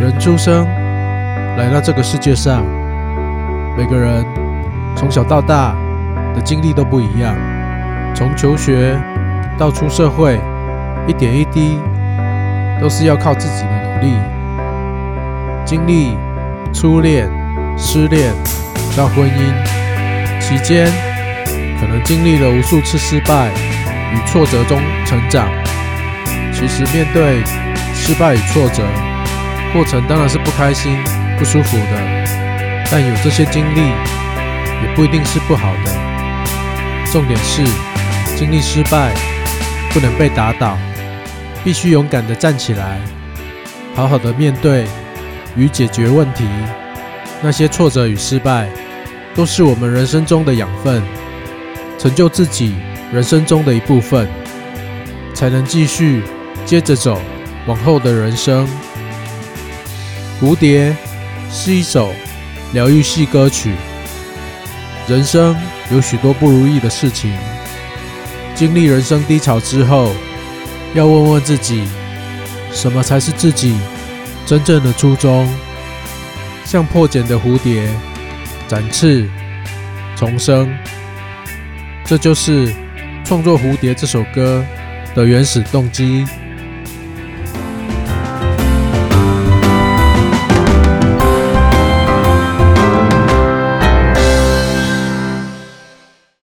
人出生來到這個世界上，每個人從小到大的經歷都不一樣。從求學到出社會，一點一滴都是要靠自己的努力。經歷初戀、失戀到婚姻，期間可能經歷了無數次失敗與挫折中成長。其實面對失敗與挫折。過程當然是不開心、不舒服的，但有這些經歷，也不一定是不好的。重點是，經歷失敗不能被打倒，必須勇敢的站起來，好好的面對與解決問題。那些挫折與失敗，都是我們人生中的養分，成就自己人生中的一部分，才能繼續接着走往後的人生。蝴蝶是一首療癒系歌曲。人生有許多不如意的事情，經歷人生低潮之後，要問問自己，什麼才是自己真正的初衷？像破繭的蝴蝶，展翅重生，這就是創作《蝴蝶》這首歌的原始動機。